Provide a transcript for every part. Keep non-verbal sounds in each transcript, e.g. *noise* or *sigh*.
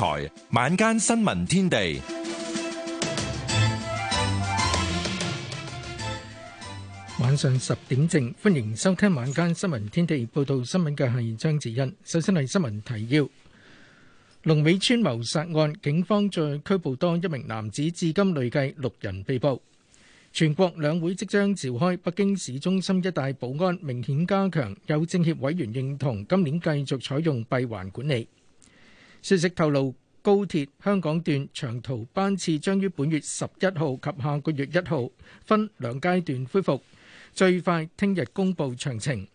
晚，晚間新聞天地，晚上十點正，歡迎收聽晚間新聞天地。報道新聞嘅係張子欣。首先係新聞提要：龍尾村謀殺案，警方再拘捕多一名男子，至今累計六人被捕。全國兩會即將召開，北京市中心一帶保安明顯加強。有政協委員認同，今年繼續採用閉環管理。消息透露，高鐵香港段長途班次將於本月十一號及下個月一號分兩階段恢復，最快聽日公布詳情。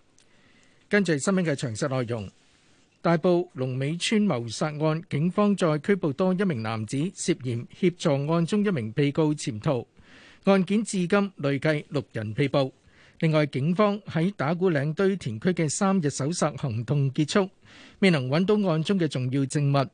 跟住係新聞嘅詳細內容：大埔龍尾村謀殺案，警方再拘捕多一名男子，涉嫌協助案中一名被告潛逃。案件至今累計六人被捕。另外，警方喺打鼓嶺堆填區嘅三日搜殺行動結束，未能搵到案中嘅重要證物。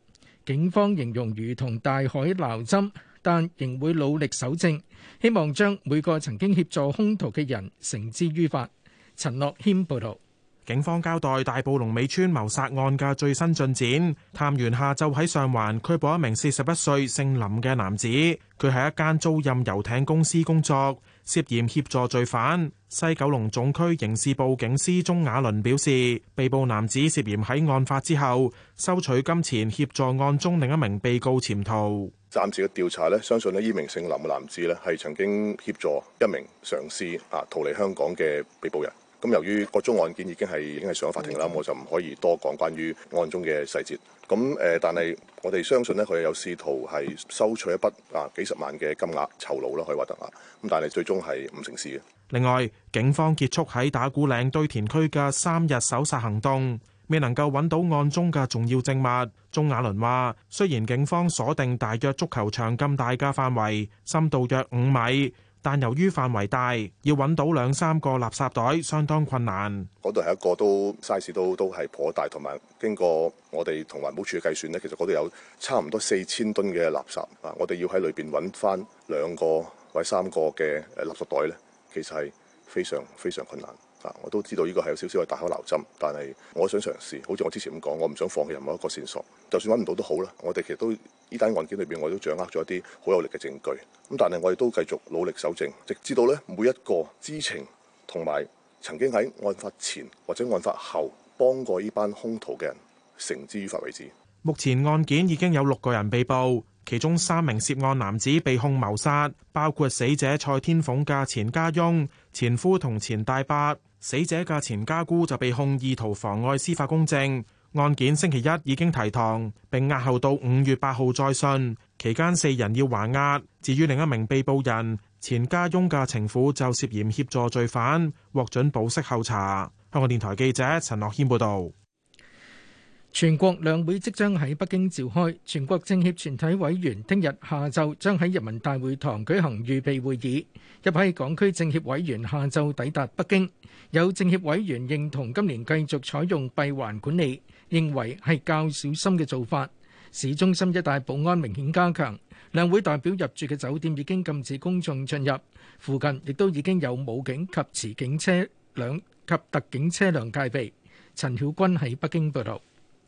警方形容如同大海撈針，但仍會努力搜證，希望將每個曾經協助凶徒嘅人繩之於法。陳樂謙報道。警方交代大埔龍尾村謀殺案嘅最新進展。探員下晝喺上環拘捕一名四十一歲姓林嘅男子，佢喺一間租賃遊艇公司工作，涉嫌協助罪犯。西九龍總區刑事部警司鍾雅倫表示，被捕男子涉嫌喺案發之後收取金錢協助案中另一名被告潛逃。暫時嘅調查咧，相信咧，呢名姓林嘅男子咧係曾經協助一名上司啊逃離香港嘅被捕人。咁由於嗰宗案件已經係已經係上咗法庭啦，我就唔可以多講關於案中嘅細節。咁誒，但係我哋相信咧，佢有試圖，係收取一筆啊幾十萬嘅金額酬勞啦，可以話得啊。咁但係最終係唔成事嘅。另外，警方結束喺打鼓嶺堆填區嘅三日搜索行動，未能夠揾到案中嘅重要證物。鍾雅倫話，雖然警方鎖定大約足球場咁大嘅範圍，深度約五米，但由於範圍大，要揾到兩三個垃圾袋相當困難。嗰度係一個都 size 都都係頗大，同埋經過我哋同環保署嘅計算咧，其實嗰度有差唔多四千噸嘅垃圾啊。我哋要喺裏邊揾返兩個或者三個嘅垃圾袋咧。其實係非常非常困難啊！我都知道呢個係有少少嘅大海撈針，但係我想嘗試。好似我之前咁講，我唔想放棄任何一個線索，就算揾唔到都好啦。我哋其實都呢單案件裏邊，我都掌握咗一啲好有力嘅證據。咁但係我哋都繼續努力搜證，直至到呢，每一個知情同埋曾經喺案發前或者案發後幫過呢班兇徒嘅人，繩之於法為止。目前案件已經有六個人被捕。其中三名涉案男子被控謀殺，包括死者蔡天鳳嘅前家翁、前夫同前大伯；死者嘅前家姑就被控意圖妨礙司法公正。案件星期一已經提堂，並押後到五月八號再訊。期間四人要還押。至於另一名被捕人前家翁嘅情婦，就涉嫌協助罪犯，獲准保釋候查。香港電台記者陳樂謙報道。全國兩會即將喺北京召開，全國政協全體委員聽日下晝將喺人民大會堂舉行預備會議。一批港區政協委員下晝抵達北京，有政協委員認同今年繼續採用閉環管理，認為係較小心嘅做法。市中心一帶保安明顯加強，兩會代表入住嘅酒店已經禁止公眾進入，附近亦都已經有武警及持警車輛及特警車輛戒備。陳曉君喺北京報道。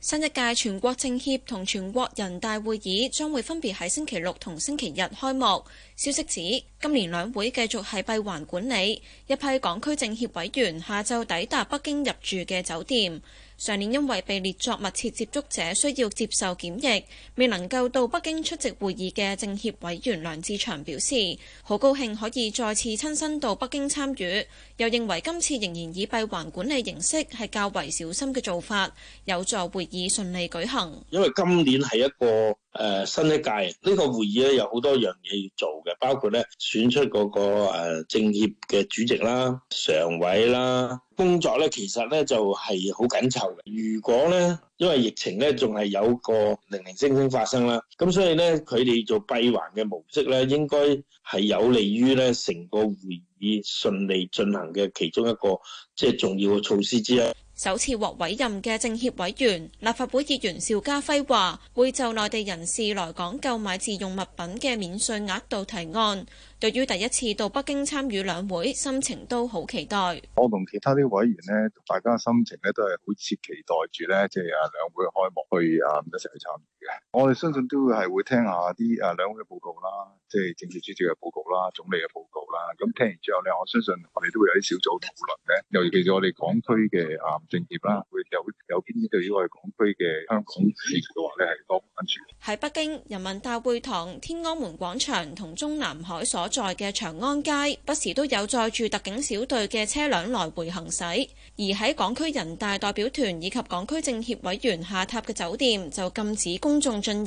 新一屆全國政協同全國人大會議將會分別喺星期六同星期日開幕。消息指，今年兩會繼續係閉環管理，一批港區政協委員下晝抵達北京入住嘅酒店。上年因為被列作密切接觸者，需要接受檢疫，未能夠到北京出席會議嘅政協委員梁志祥表示，好高興可以再次親身到北京參與，又認為今次仍然以閉環管理形式係較為小心嘅做法，有助會議順利舉行。因為今年係一個誒新一屆呢個會議咧有好多樣嘢要做嘅，包括咧選出嗰個誒政協嘅主席啦、常委啦，工作咧其實咧就係好緊湊嘅。如果咧因為疫情咧仲係有個零零星星發生啦，咁所以咧佢哋做閉環嘅模式咧，應該係有利於咧成個會議順利進行嘅其中一個即係重要嘅措施之一。首次獲委任嘅政協委員、立法會議員邵家輝話，會就內地人士來港購買自用物品嘅免稅額度提案。對於第一次到北京參與兩會，心情都好期待。我同其他啲委員呢，大家心情咧都係好似期待住咧，即係啊兩會嘅開幕去啊咁一齊去參與嘅。我哋相信都係會聽下啲啊兩會嘅報告啦，即係政治主席嘅報告啦，總理嘅報告啦。咁聽完之後咧，我相信我哋都會有啲小組討論嘅。尤其是我哋港區嘅啊政協啦，會有有邊啲對於我哋港區嘅香港事務嘅話咧係多關注。喺北京人民大會堂、天安門廣場同中南海所。在嘅長安街，不時都有載住特警小隊嘅車輛來回行駛。而喺港區人大代表團以及港區政協委員下榻嘅酒店就禁止公眾進入，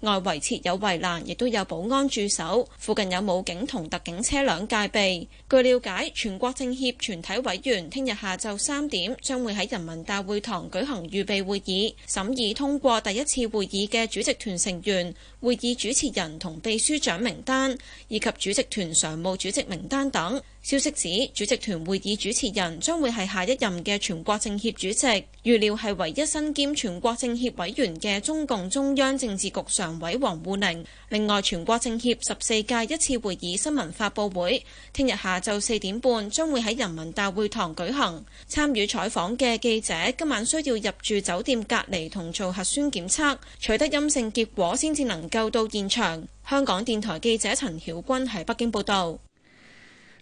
外圍設有圍欄，亦都有保安駐守。附近有武警同特警車輛戒備。據了解，全國政協全體委員聽日下晝三點將會喺人民大會堂舉行預備會議，審議通過第一次會議嘅主席團成員、會議主持人同秘書長名單以及主席團常務主席名單等。消息指，主席團會議主持人將會係下一任嘅全國政協主席，預料係唯一身兼全國政協委員嘅中共中央政治局常委王滬寧，另外，全國政協十四屆一次會議新聞發佈會聽日下晝四點半將會喺人民大會堂舉行。參與採訪嘅記者今晚需要入住酒店隔離同做核酸檢測，取得陰性結果先至能夠到現場，香港電台記者陳曉君喺北京報道。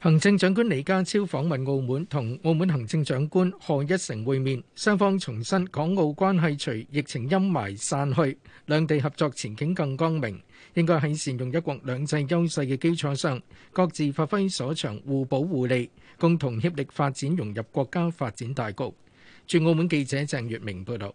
行政長官李家超訪問澳門，同澳門行政長官賀一誠會面，雙方重申港澳關係隨疫情陰霾散去，兩地合作前景更光明，應該喺善用一國兩制優勢嘅基礎上，各自發揮所長，互補互利，共同協力發展融入國家發展大局。駐澳門記者鄭月明報道。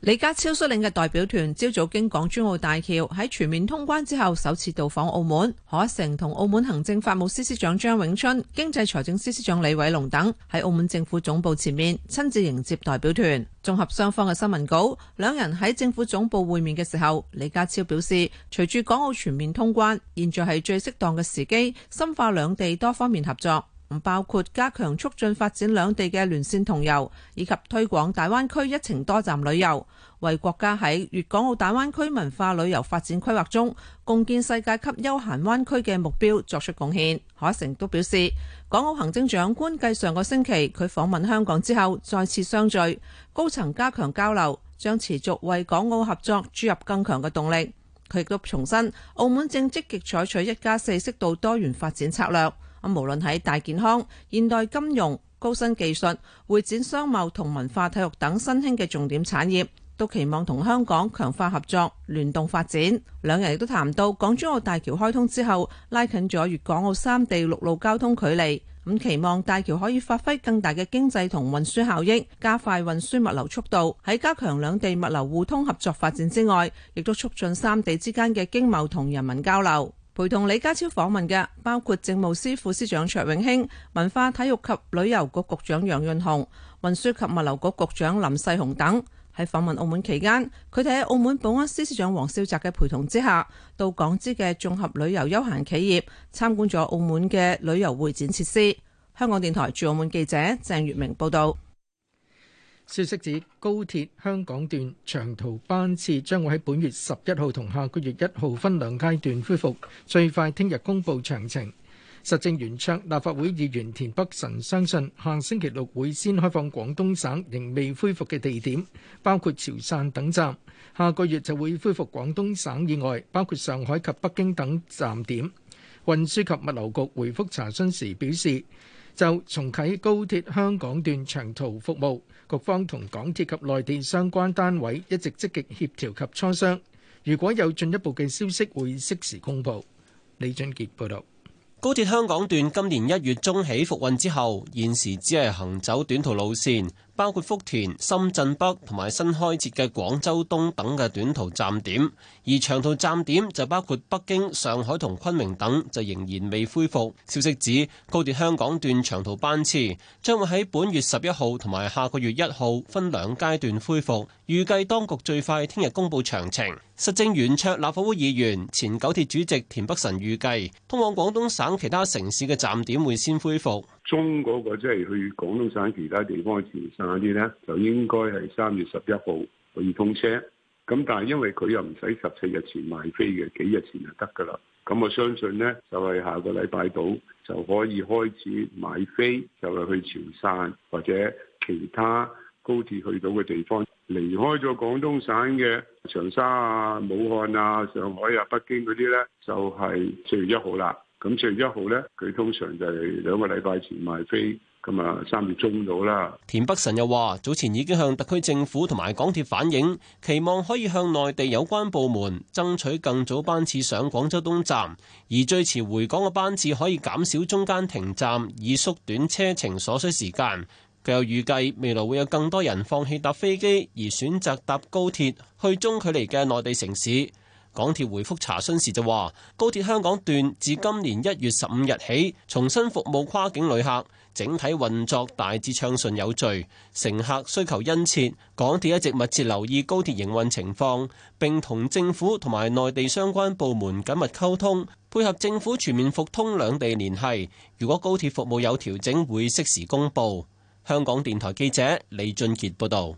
李家超率領嘅代表團朝早經港珠澳大橋喺全面通關之後，首次到訪澳門。賀一誠同澳門行政法務司司長張永春、經濟財政司司長李偉龍等喺澳門政府總部前面親自迎接代表團。綜合雙方嘅新聞稿，兩人喺政府總部會面嘅時候，李家超表示，隨住港澳全面通關，現在係最適當嘅時機，深化兩地多方面合作。唔包括加強促進發展兩地嘅聯線同遊，以及推廣大灣區一程多站旅遊，為國家喺粵港澳大灣區文化旅遊發展規劃中共建世界級休閒灣區嘅目標作出貢獻。海城都表示，港澳行政長官繼上個星期佢訪問香港之後再次相聚，高層加強交流，將持續為港澳合作注入更強嘅動力。佢亦都重申，澳門正積極採取一加四適度多元發展策略。咁無論喺大健康、現代金融、高新技術、會展商貿同文化體育等新興嘅重點產業，都期望同香港強化合作、聯動發展。兩人亦都談到港珠澳大橋開通之後，拉近咗粵港澳三地陸路交通距離，咁期望大橋可以發揮更大嘅經濟同運輸效益，加快運輸物流速度。喺加強兩地物流互通合作發展之外，亦都促進三地之間嘅經貿同人民交流。陪同李家超訪問嘅包括政務司副司長卓永興、文化體育及旅遊局局長楊潤雄、運輸及物流局局長林世雄等。喺訪問澳門期間，佢哋喺澳門保安司司長黃少澤嘅陪同之下，到港資嘅綜合旅遊休閒企業參觀咗澳門嘅旅遊會展設施。香港電台駐澳門記者鄭月明報道。消息指高鐵,香港,段,長途,班,次,將會喺本月十一號同下個月一號分兩階段恢復,最快聽日公布詳情。實政圓桌,立法會議員,田北辰,相信,下星期六會先開放廣東省,仍未恢復的地點,包括潮汕等站。下個月就會恢復廣東省以外,包括上海及北京等站點。運輸及物流局回覆查詢時表示,就重啟高鐵,香港段長途服務。局方同港鐵及內地相關單位一直積極協調及磋商，如果有進一步嘅消息，會適時公佈。李俊傑報導。高鐵香港段今年一月中起復運之後，現時只係行走短途路線。包括福田、深圳北同埋新開設嘅廣州東等嘅短途站點，而長途站點就包括北京、上海同昆明等，就仍然未恢復。消息指，高鐵香港段長途班次將會喺本月十一號同埋下個月一號分兩階段恢復，預計當局最快聽日公布詳情。實政圓桌立法會議員、前九鐵主席田北辰預計，通往廣東省其他城市嘅站點會先恢復。中嗰個即係去廣東省其他地方嘅潮汕嗰啲呢，就應該係三月十一號可以通車。咁但係因為佢又唔使十四日前買飛嘅，幾日前就得㗎啦。咁我相信呢，就係下個禮拜到就可以開始買飛，就係、是、去潮汕或者其他高鐵去到嘅地方。離開咗廣東省嘅長沙啊、武漢啊、上海啊、北京嗰啲呢，就係四月一號啦。咁四月一號咧，佢通常就係兩個禮拜前賣飛，咁啊三月中到啦。田北辰又話早前已經向特區政府同埋港鐵反映，期望可以向內地有關部門爭取更早班次上廣州東站，而最遲回港嘅班次可以減少中間停站，以縮短車程所需時間，佢又預計未來會有更多人放棄搭飛機，而選擇搭高鐵去中距離嘅內地城市。港鐵回覆查詢時就話：高鐵香港段自今年一月十五日起重新服務跨境旅客，整體運作大致暢順有序。乘客需求殷切，港鐵一直密切留意高鐵營運情況，並同政府同埋內地相關部門緊密溝通，配合政府全面復通兩地聯繫。如果高鐵服務有調整，會適時公佈。香港電台記者李俊傑報道。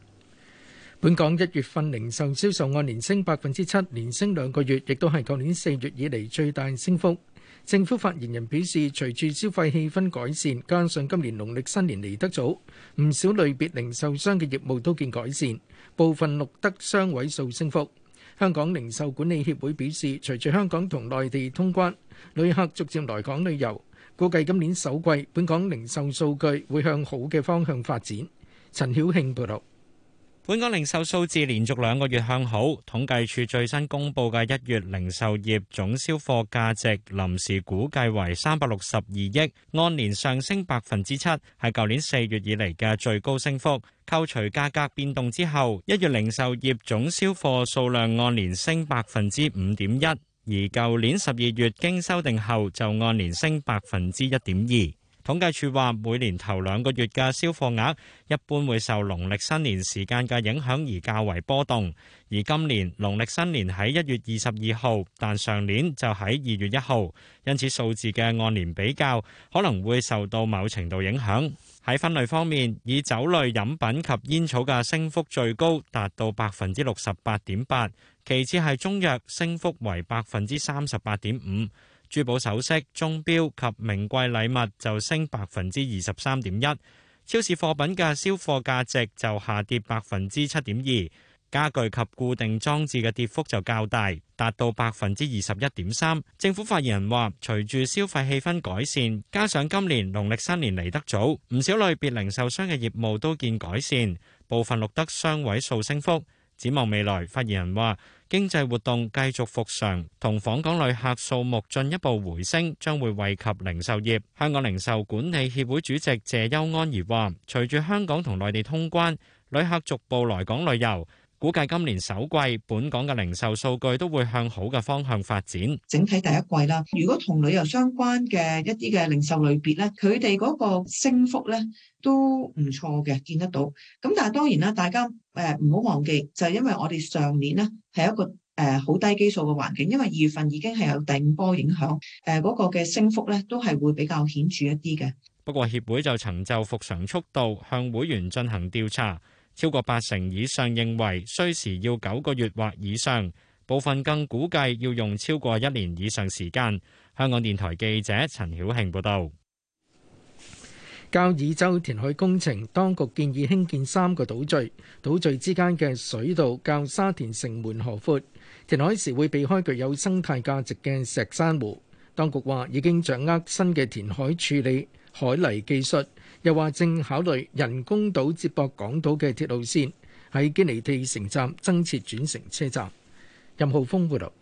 本港一月份零售銷售按年升百分之七，連升兩個月，亦都係去年四月以嚟最大升幅。政府發言人表示，隨住消費氣氛改善，加上今年農曆新年嚟得早，唔少類別零售商嘅業務都見改善，部分錄得雙位數升幅。香港零售管理協會表示，隨住香港同內地通關，旅客逐漸來港旅遊，估計今年首季本港零售數據會向好嘅方向發展。陳曉慶報道。本港零售數字連續兩個月向好，統計處最新公布嘅一月零售業總銷貨價值臨時估計為三百六十二億，按年上升百分之七，係舊年四月以嚟嘅最高升幅。扣除價格變動之後，一月零售業總銷貨數量按年升百分之五點一，而舊年十二月經修訂後就按年升百分之一點二。統計處話，每年頭兩個月嘅銷貨額一般會受農曆新年時間嘅影響而較為波動，而今年農曆新年喺一月二十二號，但上年就喺二月一號，因此數字嘅按年比較可能會受到某程度影響。喺分類方面，以酒類飲品及煙草嘅升幅最高，達到百分之六十八點八，其次係中藥，升幅為百分之三十八點五。珠寶首飾、鐘錶及名貴禮物就升百分之二十三點一，超市貨品嘅銷貨價值就下跌百分之七點二，家具及固定裝置嘅跌幅就較大，達到百分之二十一點三。政府發言人話：隨住消費氣氛改善，加上今年農曆新年嚟得早，唔少類別零售商嘅業務都見改善，部分錄得雙位數升幅。展望未來，發言人話：經濟活動繼續復常，同訪港旅客數目進一步回升，將會惠及零售業。香港零售管理協會主席謝優安而話，隨住香港同內地通關，旅客逐步來港旅遊。估計今年首季本港嘅零售數據都會向好嘅方向發展。整體第一季啦，如果同旅遊相關嘅一啲嘅零售類別咧，佢哋嗰個升幅咧都唔錯嘅，見得到。咁但係當然啦，大家誒唔好忘記，就係因為我哋上年咧係一個誒好低基數嘅環境，因為二月份已經係有第五波影響，誒嗰個嘅升幅咧都係會比較顯著一啲嘅。不過協會就曾就復常速度向會員進行調查。超過八成以上認為需時要九個月或以上，部分更估計要用超過一年以上時間。香港電台記者陳曉慶報導。交椅洲填海工程當局建議興建三個島嶼，島嶼之間嘅水道較沙田城門河闊。填海時會避開具有生態價值嘅石珊瑚。當局話已經掌握新嘅填海處理海泥技術。又話正考慮人工島接駁港島嘅鐵路線，喺堅尼地城站增設轉乘車站。任浩峰報導。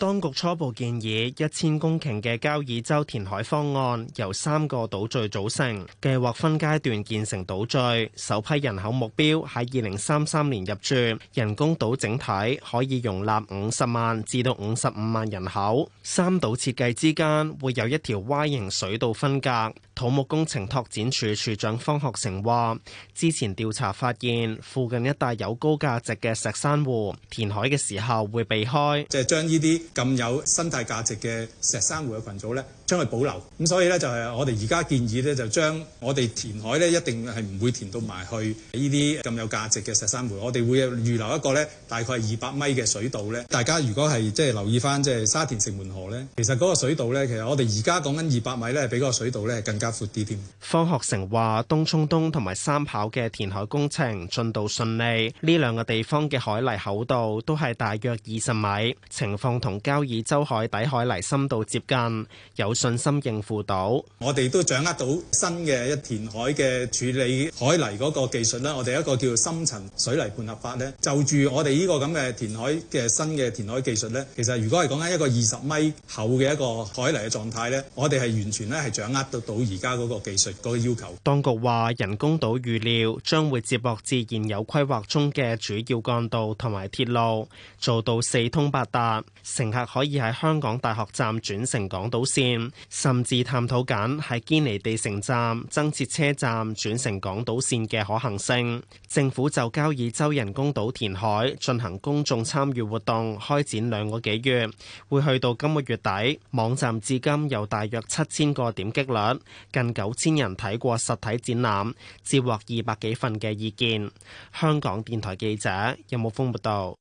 當局初步建議一千公頃嘅交椅洲填海方案由三個島嶼組成，計劃分階段建成島嶼，首批人口目標喺二零三三年入住。人工島整體可以容納五十萬至到五十五萬人口。三島設計之間會有一條 Y 形水道分隔。土木工程拓展處處長方學成話，之前調查發現附近一帶有高價值嘅石珊瑚，填海嘅時候會避開，就係將呢啲，咁有生態價值嘅石珊瑚嘅群組咧。將佢保留，咁所以呢，就係我哋而家建議呢，就將我哋填海呢，一定係唔會填到埋去呢啲咁有價值嘅石山湖，我哋會預留一個呢，大概二百米嘅水道呢。大家如果係即係留意翻即係沙田城門河呢，其實嗰個水道呢，其實我哋而家講緊二百米呢，比嗰個水道呢更加闊啲添。方學成話：東涌東同埋三跑嘅填海工程進度順利，呢兩個地方嘅海泥厚度都係大約二十米，情況同交椅洲海底海泥深度接近有。信心應付到，我哋都掌握到新嘅一填海嘅處理海泥嗰個技術啦。我哋一個叫深層水泥拌合法咧，就住我哋呢個咁嘅填海嘅新嘅填海技術咧。其實如果係講緊一個二十米厚嘅一個海泥嘅狀態咧，我哋係完全咧係掌握得到而家嗰個技術嗰個要求。當局話人工島預料將會接駁至現有規劃中嘅主要幹道同埋鐵路，做到四通八達，乘客可以喺香港大學站轉乘港島線。甚至探討緊喺堅尼地城站增設車站轉乘港島線嘅可行性。政府就交椅洲人工島填海進行公眾參與活動，開展兩個幾月，會去到今個月底。網站至今有大約七千個點擊率，近九千人睇過實體展覽，接獲二百幾份嘅意見。香港電台記者任慕峯報道。有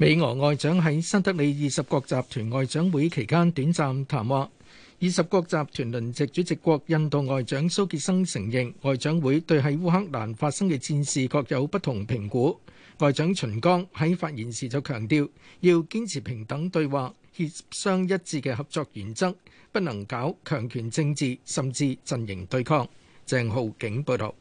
美俄外長喺新德里二十國集團外長會期間短暫談話，二十國集團輪值主席國印度外長蘇傑生承認外長會對喺烏克蘭發生嘅戰事各有不同評估。外長秦剛喺發言時就強調要堅持平等對話、協商一致嘅合作原則，不能搞強權政治，甚至陣營對抗。鄭浩景報道。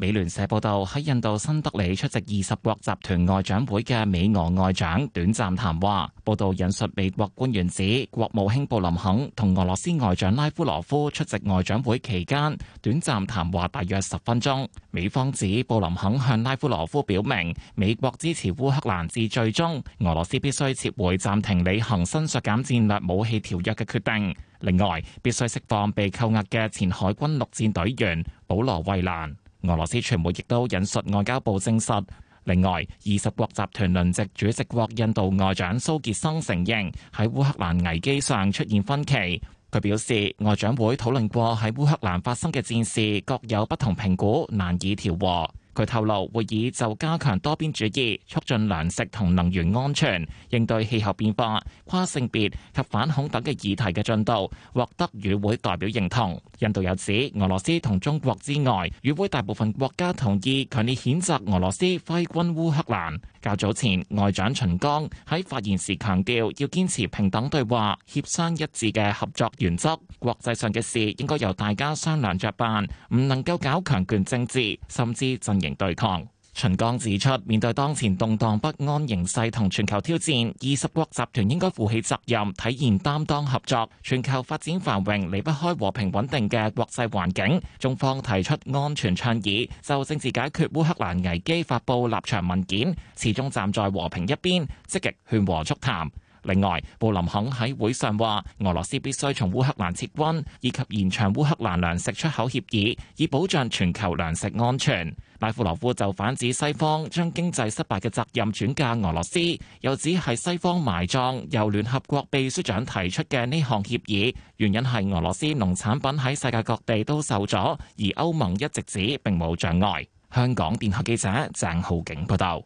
美聯社報道，喺印度新德里出席二十國集團外長會嘅美俄外長短暫談話。報道引述美國官員指，國務卿布林肯同俄羅斯外長拉夫羅夫出席外長會期間短暫談話，大約十分鐘。美方指布林肯向拉夫羅夫表明，美國支持烏克蘭至最終，俄羅斯必須撤回暫停履行新削減戰略，戰略武器條約嘅決定，另外必須釋放被扣押嘅前海軍陸戰隊員保羅·衛蘭。俄羅斯傳媒亦都引述外交部證實。另外，二十國集團輪值主席國印度外長蘇傑生承認，喺烏克蘭危機上出現分歧。佢表示，外長會討論過喺烏克蘭發生嘅戰事，各有不同評估，難以調和。佢透露，會議就加強多邊主義、促進糧食同能源安全、應對氣候變化、跨性別及反恐等嘅議題嘅進度，獲得與會代表認同。印度有指，俄羅斯同中國之外，與會大部分國家同意強烈譴責俄羅斯揮軍烏克蘭。較早前，外長秦剛喺發言時強調，要堅持平等對話、協商一致嘅合作原則，國際上嘅事應該由大家商量着辦，唔能夠搞強權政治，甚至進形對抗。秦剛指出，面對當前動盪不安形勢同全球挑戰，二十國集團應該負起責任，體現擔當合作。全球發展繁榮離不開和平穩定嘅國際環境。中方提出安全倡議，就政治解決烏克蘭危機發佈立場文件，始終站在和平一邊，積極勸和促談。另外，布林肯喺會上話，俄羅斯必須從烏克蘭撤軍，以及延長烏克蘭糧食出口協議，以保障全球糧食安全。拉夫羅夫就反指西方將經濟失敗嘅責任轉嫁俄羅斯，又指係西方埋葬由聯合國秘書長提出嘅呢項協議，原因係俄羅斯農產品喺世界各地都受阻，而歐盟一直指並冇障礙。香港電台記者鄭浩景報道。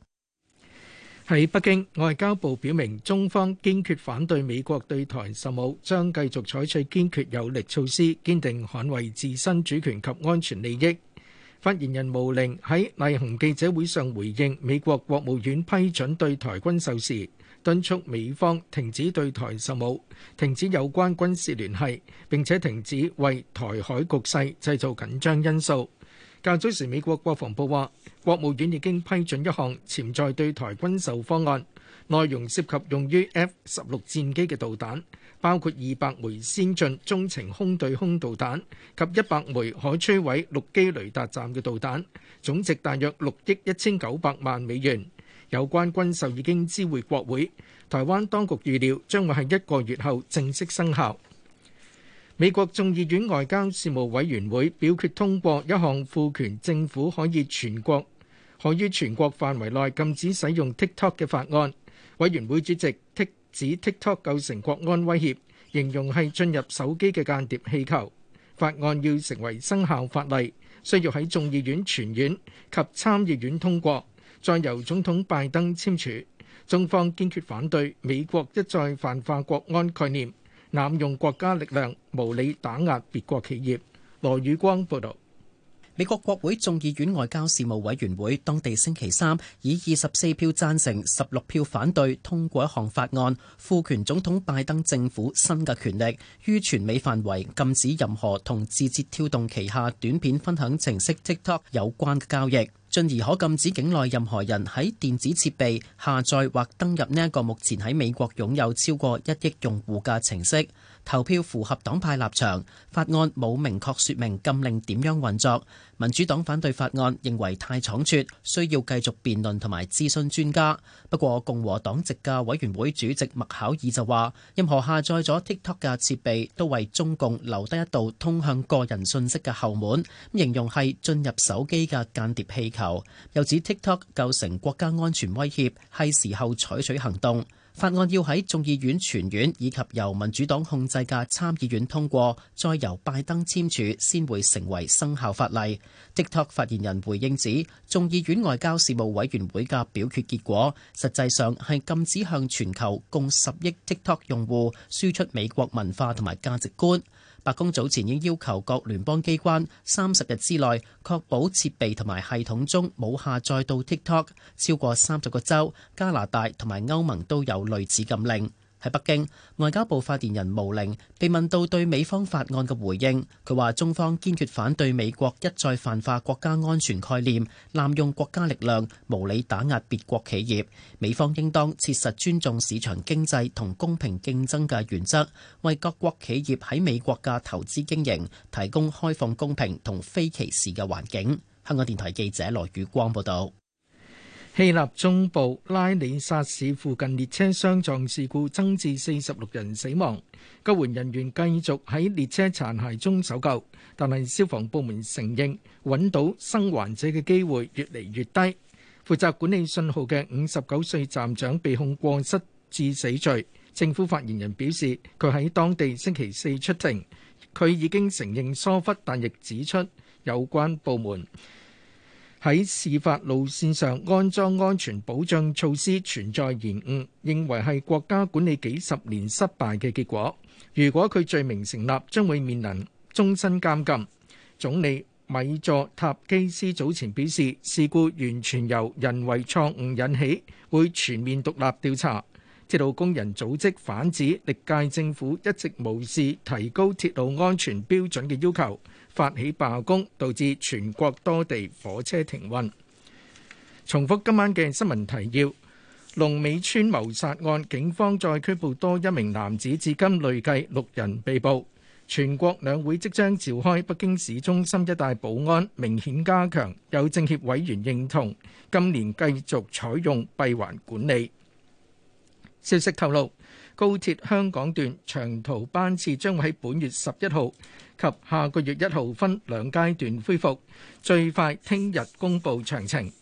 喺北京，外交部表明中方堅決反對美國對台售武，將繼續採取堅決有力措施，堅定捍衛自身主權及安全利益。發言人毛寧喺例行記者會上回應美國國務院批准對台軍售時，敦促美方停止對台售武，停止有關軍事聯繫，並且停止為台海局勢製造緊張因素。較早時，美國國防部話，國務院已經批准一項潛在對台軍售方案，內容涉及用於 F 十六戰機嘅導彈，包括二百枚先進中程空對空導彈及一百枚可摧毀陸基雷達站嘅導彈，總值大約六億一千九百萬美元。有關軍售已經知會國會，台灣當局預料將會喺一個月後正式生效。美國眾議院外交事務委員會表決通過一項賦權政府可以全國，可於全國範圍內禁止使用 TikTok 嘅法案。委員會主席剔指 TikTok 構成國安威脅，形容係進入手機嘅間諜氣球。法案要成為生效法例，需要喺眾議院全院及參議院通過，再由總統拜登簽署。中方堅決反對美國一再泛化國安概念。濫用國家力量，無理打壓別國企業。羅宇光報導，美國國會眾議院外交事務委員會當地星期三以二十四票贊成、十六票反對通過一項法案，賦權總統拜登政府新嘅權力，於全美範圍禁止任何同字節跳動旗下短片分享程式 TikTok 有關嘅交易。進而可禁止境內任何人喺電子設備下載或登入呢一個目前喺美國擁有超過一億用戶嘅程式。投票符合黨派立場，法案冇明確說明禁令點樣運作。民主黨反對法案，認為太倉促，需要繼續辯論同埋諮詢專家。不過共和黨籍嘅委員會主席麥考爾就話，任何下載咗 TikTok 嘅設備都為中共留低一道通向個人信息嘅後門，形容係進入手機嘅間諜氣球。又指 TikTok 構成國家安全威脅，係時候採取行動。法案要喺眾議院全院以及由民主黨控制嘅參議院通過，再由拜登簽署先會成為生效法例。TikTok 發言人回應指，眾議院外交事務委員會嘅表決結果，實際上係禁止向全球共十億 TikTok 用戶輸出美國文化同埋價值觀。白宮早前已經要求各聯邦機關三十日之內確保設備同埋系統中冇下載到 TikTok。超過三十個州、加拿大同埋歐盟都有類似禁令。喺北京，外交部發言人毛寧被問到對美方法案嘅回應，佢話：中方堅決反對美國一再泛化國家安全概念，濫用國家力量無理打壓別國企業。美方應當切實尊重市場經濟同公平競爭嘅原則，為各國企業喺美國嘅投資經營提供開放、公平同非歧視嘅環境。香港電台記者羅宇光報道。希臘中部拉里薩市附近列車相撞事故增至四十六人死亡，救援人員繼續喺列車殘骸中搜救，但係消防部門承認揾到生還者嘅機會越嚟越低。負責管理信號嘅五十九歲站長被控過失致死罪。政府發言人表示，佢喺當地星期四出庭，佢已經承認疏忽，但亦指出有關部門喺事發路線上安裝安全保障措施存在延誤，認為係國家管理幾十年失敗嘅結果。如果佢罪名成立，將會面臨終身監禁。總理米佐塔基斯早前表示，事故完全由人為錯誤引起，會全面獨立調查。鐵路工人組織反指，歷屆政府一直無視提高鐵路安全標準嘅要求。發起罷工，導致全國多地火車停運。重複今晚嘅新聞提要：龍尾村謀殺案，警方再拘捕多一名男子，至今累計六人被捕。全國兩會即將召開，北京市中心一帶保安明顯加強，有政協委員認同今年繼續採用閉環管理。消息透露，高鐵香港段長途班次將會喺本月十一號及下個月一號分兩階段恢復，最快聽日公布詳情。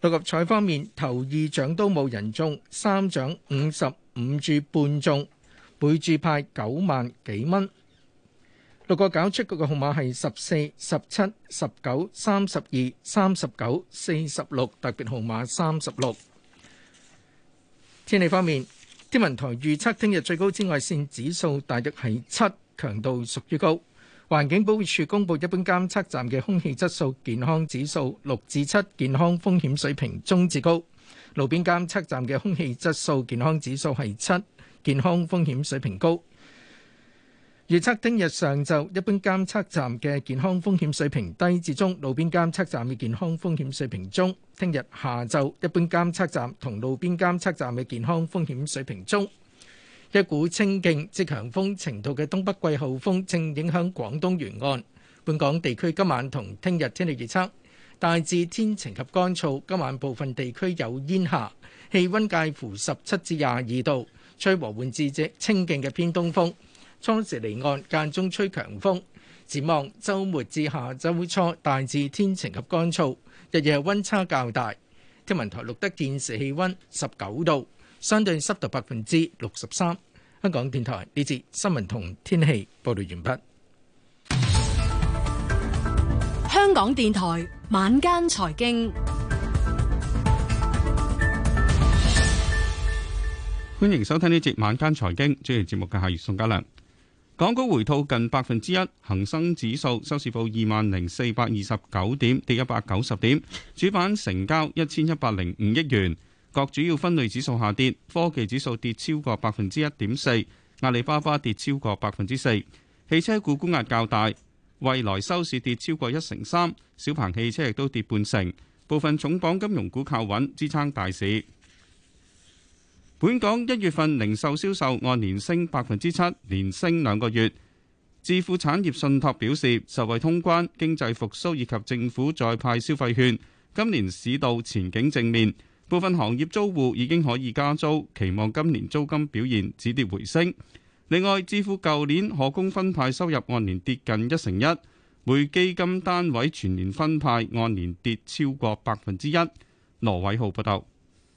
六合彩方面，頭二獎都冇人中，三獎五十五注半中，每注派九萬幾蚊。六個搞出局嘅號碼係十四、十七、十九、三十二、三十九、四十六，特別號碼三十六。天氣方面，天文台預測聽日最高紫外線指數大約係七。強度屬於高。環境保護署公佈一般監測站嘅空氣質素健康指數六至七，健康風險水平中至高。路邊監測站嘅空氣質素健康指數係七，健康風險水平高。預測聽日上晝一般監測站嘅健康風險水平低至中，路邊監測站嘅健康風險水平中。聽日下晝一般監測站同路邊監測站嘅健康風險水平中。一股清勁即強風程度嘅東北季候風正影響廣東沿岸。本港地區今晚同聽日天氣預測，大致天晴及乾燥。今晚部分地區有煙霞，氣温介乎十七至廿二度，吹和緩至清勁嘅偏東風。初時離岸間中吹強風。展望週末至下週初，大致天晴及乾燥，日夜温差較大。天文台錄得現時氣温十九度。相對濕度百分之六十三。香港電台呢節新聞同天氣報道完畢。香港電台晚間財經，歡迎收聽呢節晚間財經。主持節目嘅係宋嘉良。港股回吐近百分之一，恒生指數收市報二萬零四百二十九點，跌一百九十點，主板成交一千一百零五億元。各主要分類指數下跌，科技指數跌超過百分之一點四，阿里巴巴跌超過百分之四。汽車股沽壓較大，蔚來收市跌超過一成三，小鵬汽車亦都跌半成。部分重磅金融股靠穩，支撐大市。本港一月份零售銷售按年升百分之七，連升兩個月。置富產業信託表示，受惠通關、經濟復甦以及政府再派消費券，今年市道前景正面。部分行業租戶已經可以加租，期望今年租金表現止跌回升。另外，支付舊年可供分派收入按年跌近一成一，每基金單位全年分派按年跌超過百分之一。羅偉浩報道。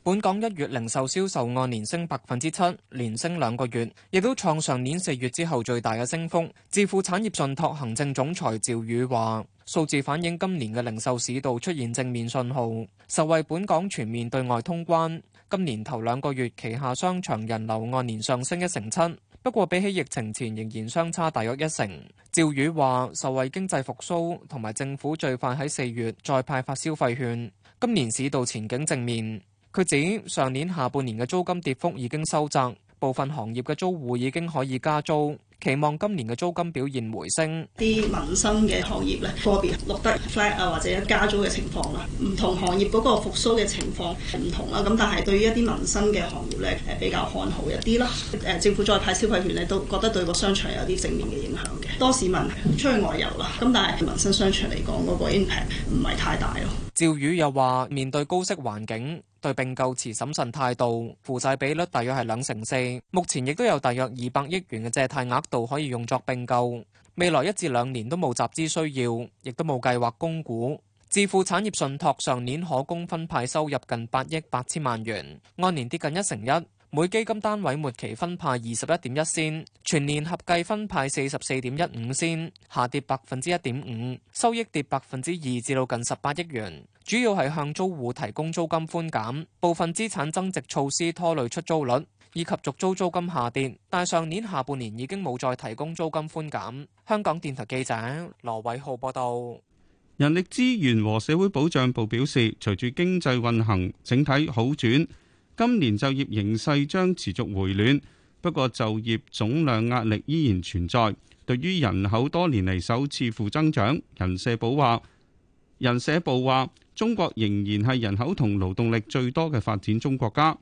本港一月零售銷售按年升百分之七，連升兩個月，亦都創上年四月之後最大嘅升幅。置富產業信託行政總裁趙宇話，數字反映今年嘅零售市道出現正面信號，受惠本港全面對外通關。今年頭兩個月旗下商場人流按年上升一成七，不過比起疫情前仍然相差大約一成。趙宇話，受惠經濟復甦同埋政府最快喺四月再派發消費券，今年市道前景正面。佢指上年下半年嘅租金跌幅已經收窄，部分行業嘅租戶已經可以加租，期望今年嘅租金表現回升。啲民生嘅行業咧，個別錄得 flat 啊，或者加租嘅情況啦。唔同行業嗰個復甦嘅情況唔同啦。咁但係對於一啲民生嘅行業咧，誒比較看好一啲啦。誒政府再派消費券咧，都覺得對個商場有啲正面嘅影響嘅。多市民出去外遊啦，咁但係民生商場嚟講，嗰個 impact 唔係太大咯。趙宇又話：面對高息環境，對並購持審慎態度，負債比率大約係兩成四。目前亦都有大約二百億元嘅借貸額度可以用作並購。未來一至兩年都冇集資需要，亦都冇計劃供股。置富產業信託上年可供分派收入近八億八千萬元，按年跌近一成一。每基金單位末期分派二十一點一仙，全年合計分派四十四點一五仙，下跌百分之一點五，收益跌百分之二，至到近十八億元。主要係向租戶提供租金寬減，部分資產增值措施拖累出租率，以及續租租金下跌。但上年下半年已經冇再提供租金寬減。香港電台記者羅偉浩報道。人力資源和社會保障部表示，隨住經濟運行整體好轉。今年就業形勢將持續回暖，不過就業總量壓力依然存在。對於人口多年嚟首次負增長，人社部話：人社部話，中國仍然係人口同勞動力最多嘅發展中國家。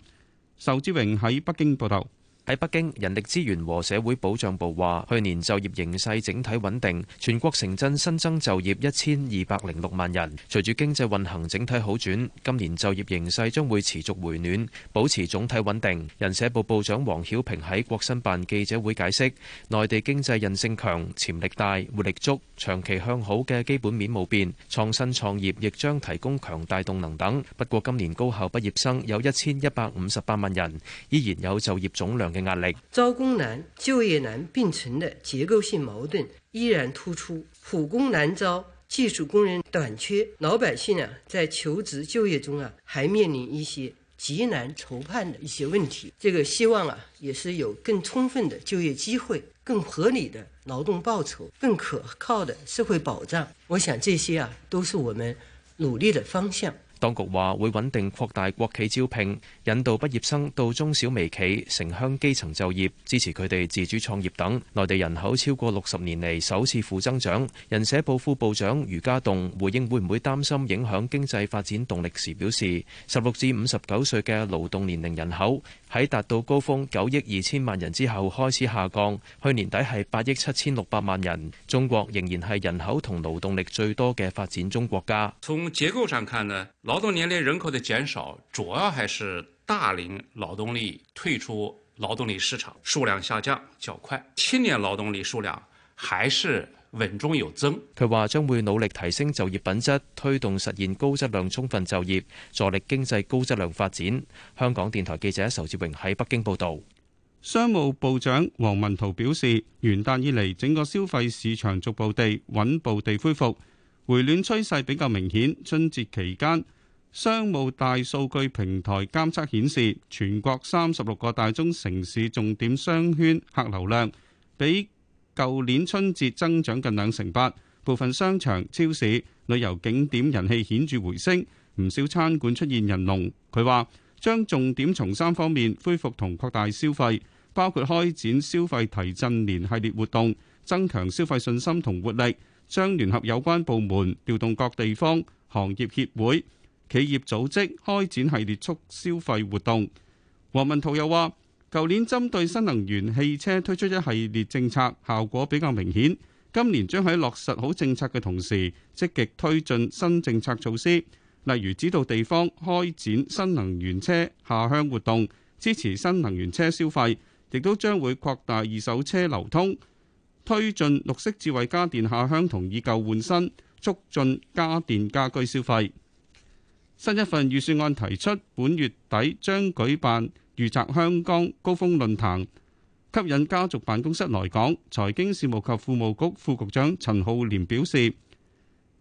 仇志榮喺北京報道。喺北京，人力資源和社會保障部話，去年就業形勢整體穩定，全國城鎮新增就業一千二百零六萬人。隨住經濟運行整體好轉，今年就業形勢將會持續回暖，保持總體穩定。人社部部長黃曉平喺國新辦記者會解釋，內地經濟韌性強、潛力大、活力足，長期向好嘅基本面冇變，創新創業亦將提供強大動能等。不過，今年高校畢業生有一千一百五十八萬人，依然有就業總量的壓力，招工難、就業難並存的結構性矛盾依然突出，普工難招，技術工人短缺，老百姓啊，在求職就業中啊，還面臨一些極難籌盼的一些問題。這個希望啊，也是有更充分的就業機會、更合理的勞動報酬、更可靠的社會保障。我想這些啊，都是我們努力的方向。當局話會穩定擴大國企招聘，引導畢業生到中小微企、城鄉基層就業，支持佢哋自主創業等。內地人口超過六十年嚟首次負增長，人社部副部長余家棟回應會唔會擔心影響經濟發展動力時表示：十六至五十九歲嘅勞動年齡人口。喺達到高峰九億二千萬人之後開始下降，去年底係八億七千六百萬人。中國仍然係人口同勞動力最多嘅發展中國家。從結構上看呢，勞動年齡人口的減少主要還是大齡勞動力退出勞動力市場，數量下降較快。青年勞動力數量還是穩中有增，佢話將會努力提升就業品質，推動實現高質量充分就業，助力經濟高質量發展。香港電台記者仇志榮喺北京報道。商務部長黃文濤表示，元旦以嚟整個消費市場逐步地穩步地恢復，回暖趨勢比較明顯。春節期間，商務大數據平台監測顯示，全國三十六個大中城市重點商圈客流量比。舊年春節增長近兩成八，部分商場、超市、旅遊景點人氣顯著回升，唔少餐館出現人龍。佢話將重點從三方面恢復同擴大消費，包括開展消費提振年系列活動，增強消費信心同活力。將聯合有關部門，調動各地方行業協會、企業組織，開展系列促消費活動。黃文圖又話。舊年針對新能源汽車推出一系列政策，效果比較明顯。今年將喺落實好政策嘅同時，積極推進新政策措施，例如指導地方開展新能源車下鄉活動，支持新能源車消費，亦都將會擴大二手車流通，推進綠色智慧家電下鄉同以舊換新，促進家電家居消費。新一份預算案提出，本月底將舉辦裕澤香港高峰論壇，吸引家族辦公室來港。財經事務及庫務局副局長陳浩濂表示，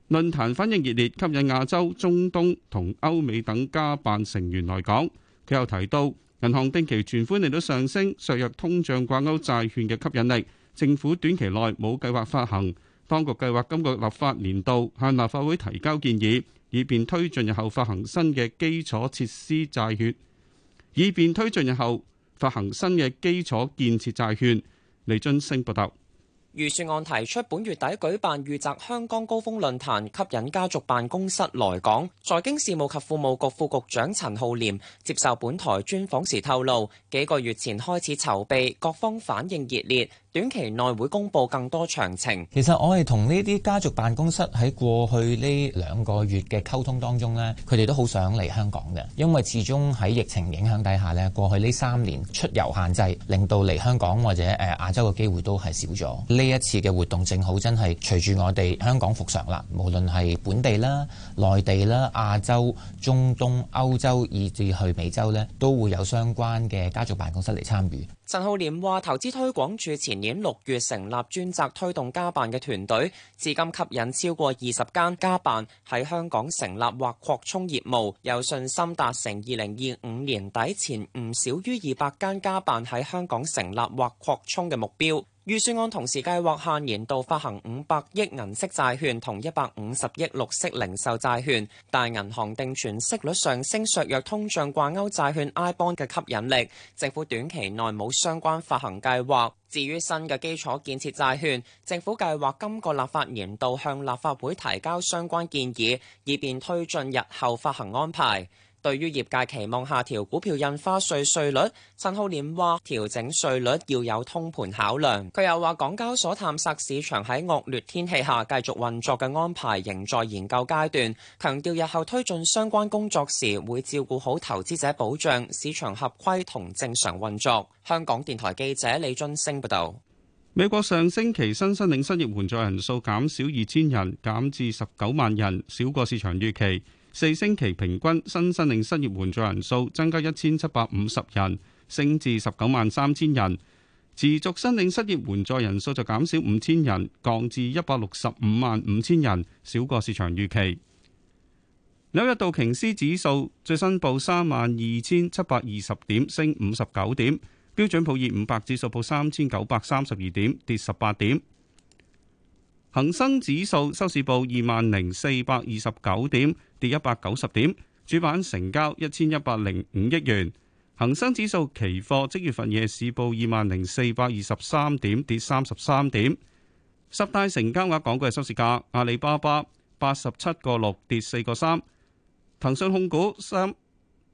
論壇反應熱烈，吸引亞洲、中東同歐美等家辦成員來港。佢又提到，銀行定期存款利率上升，削弱通脹掛鈎債券嘅吸引力。政府短期內冇計劃發行，當局計劃今個立法年度向立法會提交建議。以便推進，日後發行新嘅基礎設施債券；以便推進，日後發行新嘅基礎建設債券。李津星報道，預算案提出，本月底舉辦裕澤香港高峰論壇，吸引家族辦公室來港。財經事務及庫務局副局長陳浩廉接受本台專訪時透露，幾個月前開始籌備，各方反應熱烈。短期內會公布更多詳情。其實我哋同呢啲家族辦公室喺過去呢兩個月嘅溝通當中呢，佢哋都好想嚟香港嘅，因為始終喺疫情影響底下呢，過去呢三年出遊限制，令到嚟香港或者誒亞洲嘅機會都係少咗。呢一次嘅活動正好真係隨住我哋香港復常啦，無論係本地啦、內地啦、亞洲、中東、歐洲，以至去美洲呢，都會有相關嘅家族辦公室嚟參與。陳浩濂話，投資推廣處前年六月成立專責推動家辦嘅團隊，至今吸引超過二十間家辦喺香港成立或擴充業務，有信心達成二零二五年底前唔少於二百間家辦喺香港成立或擴充嘅目標。預算案同時計劃下年度發行五百億銀色債券同一百五十億綠色零售債券，但銀行定存息率上升削弱通脹掛勾債券 I bond 嘅吸引力。政府短期內冇相關發行計劃。至於新嘅基礎建設債券，政府計劃今個立法年度向立法會提交相關建議，以便推進日後發行安排。對於業界期望下調股票印花稅稅率，陳浩濂話調整稅率要有通盤考量。佢又話港交所探索市場喺惡劣天氣下繼續運作嘅安排仍在研究階段，強調日後推進相關工作時會照顧好投資者，保障市場合規同正常運作。香港電台記者李俊升報道，美國上星期新申領失業援助人數減少二千人，減至十九萬人，少過市場預期。四星期平均新申領失業援助人數增加一千七百五十人，升至十九萬三千人。持續申領失業援助人數就減少五千人，降至一百六十五萬五千人，少過市場預期。紐約道瓊斯指數最新報三萬二千七百二十點，升五十九點。標準普爾五百指數報三千九百三十二點，跌十八點。恒生指數收市報二萬零四百二十九點。跌一百九十點，主板成交一千一百零五億元。恒生指數期貨即月份夜市報二萬零四百二十三點，跌三十三點。十大成交額港股嘅收市價：阿里巴巴八十七個六跌四個三，騰訊控股三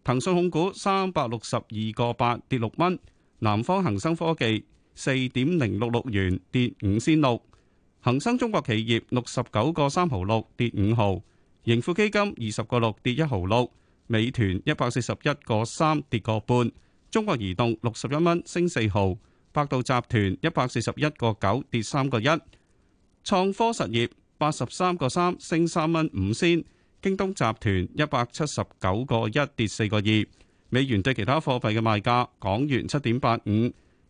騰訊控股三百六十二個八跌六蚊，南方恒生科技四點零六六元跌五仙六，恒生中國企業六十九個三毫六跌五毫。盈富基金二十個六跌一毫六，美團一百四十一個三跌個半，中國移動六十一蚊升四毫，百度集團一百四十一個九跌三個一，創科實業八十三個三升三蚊五仙，京東集團一百七十九個一跌四個二，美元兌其他貨幣嘅賣價，港元七點八五，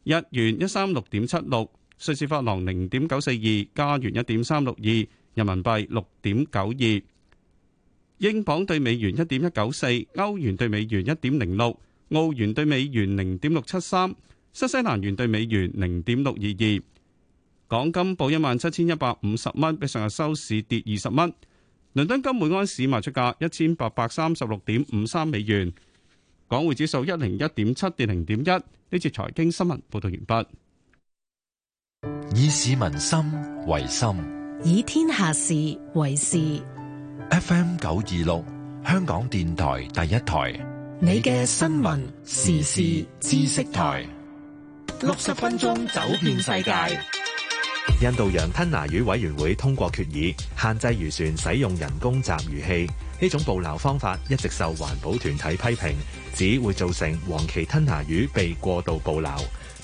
日元一三六點七六，瑞士法郎零點九四二，加元一點三六二，人民幣六點九二。英鎊兌美元一點一九四，歐元兌美元一點零六，澳元兌美元零點六七三，新西蘭元兌美元零點六二二。港金報一萬七千一百五十蚊，比上日收市跌二十蚊。倫敦金每安士賣出價一千八百三十六點五三美元。港匯指數一零一點七跌零點一。呢次財經新聞報道完畢。以市民心為心，以天下事為事。F.M. 九二六，香港電台第一台，你嘅新聞時事知識台。六十分鐘走遍世界。印度洋吞拿魚委員會通過決議，限制漁船使用人工集魚器。呢種捕撈方法一直受環保團體批評，只會造成黃鰭吞拿魚被過度捕撈。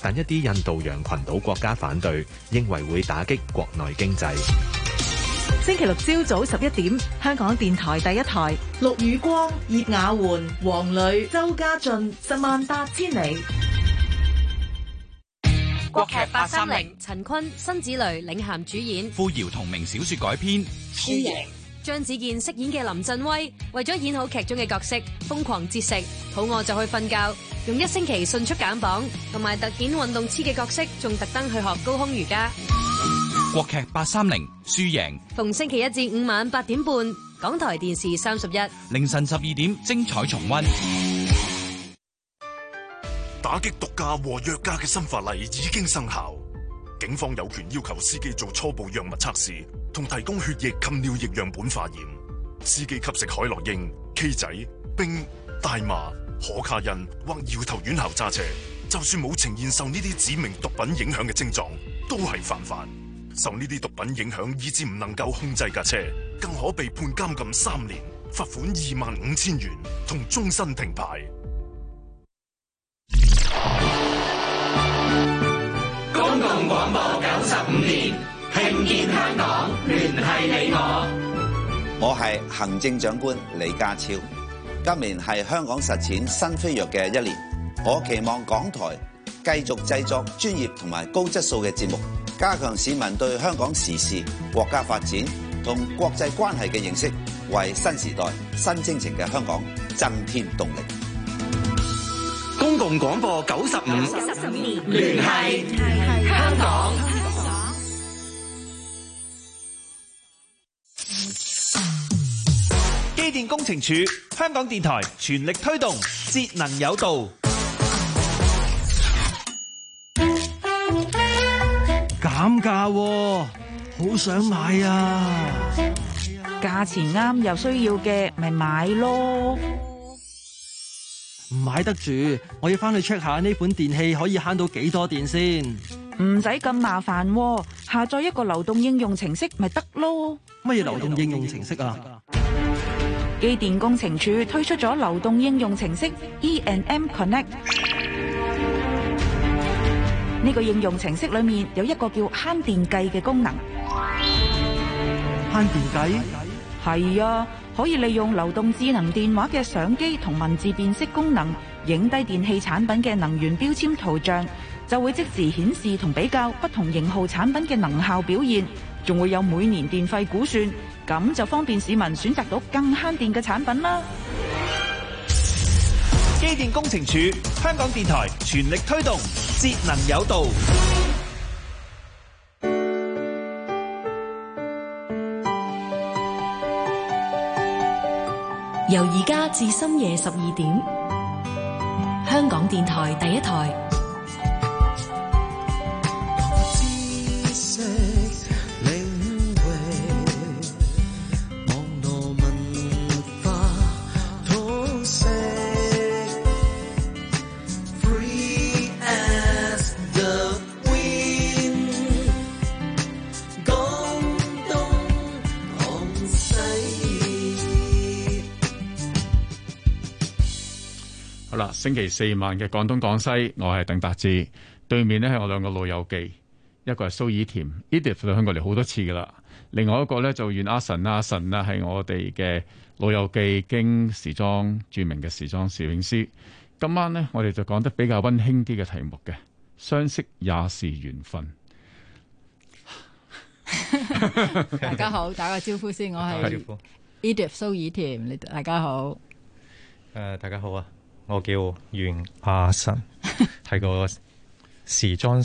但一啲印度洋群島國家反對，認為會打擊國內經濟。星期六朝早十一點，香港電台第一台。陸雨光、葉雅媛、黃磊、周家俊，十萬八千里。國劇八三零名，陳坤、辛芷蕾領銜主演，傅瑤同名小說改編。輸贏贏。張子健飾演嘅林振威，為咗演好劇中嘅角色，瘋狂節食，肚餓就去瞓覺，用一星期迅速減磅，同埋特顯運動癡嘅角色，仲特登去學高空瑜伽。國劇八三零輸贏，逢星期一至五晚八點半，港台電視三十一，凌晨十二點精彩重温。打擊毒駕和藥駕嘅新法例已經生效，警方有權要求司機做初步藥物測試，同提供血液及尿液樣本化驗。司機吸食海洛因、K 仔、冰大麻、可卡因或搖頭丸後揸車，就算冇呈現受呢啲指明毒品影響嘅症狀，都係犯法。受呢啲毒品影響，以致唔能夠控制架車，更可被判監禁三年、罰款二萬五千元同終身停牌。公共廣播九十五年慶建香港，聯繫你我。我係行政長官李家超，今年係香港實踐新飛躍嘅一年，我期望港台，繼續製作專業同埋高質素嘅節目，加強市民對香港時事、國家發展同國際關係嘅認識，為新時代、新精神嘅香港增添動力。減價，好想買啊！價錢啱又需要嘅，咪買咯！買得住，我要返去 check 下呢款電器，可以慳到幾多電先！唔使咁麻煩，下載一個流動應用程式，咪得咯！乜嘢流動應用程式啊？機電工程處推出咗流動應用程式 E&M Connect! 呢個應用程式裏面有一個叫慳電計嘅功能，慳電計？係啊，可以利用流動智能電話嘅相機同文字辨識功能，影低電器產品嘅能源標籤圖像，就會即時顯示同比較不同型號產品嘅能效表現，仲會有每年電費估算，咁就方便市民選擇到更慳電嘅產品啦。機電工程署，香港電台全力推動節能有道。由而家至深夜十二點，香港電台第一台。星期四晚嘅廣東廣西，我係鄧達志，對面呢係我兩個老友記，一個係蘇爾甜，Edith 到香港嚟好多次噶啦，另外一個咧就袁阿神啦。阿神啊，係我哋嘅老友記經時裝著名嘅時裝攝影師。今晚呢，我哋就講得比較温馨啲嘅題目嘅，相識也是緣分。大家好，打個招呼先，我係 Edith 蘇爾甜，你大家好，誒，uh, 大家好啊。我叫袁阿新，係 *laughs* 個時裝。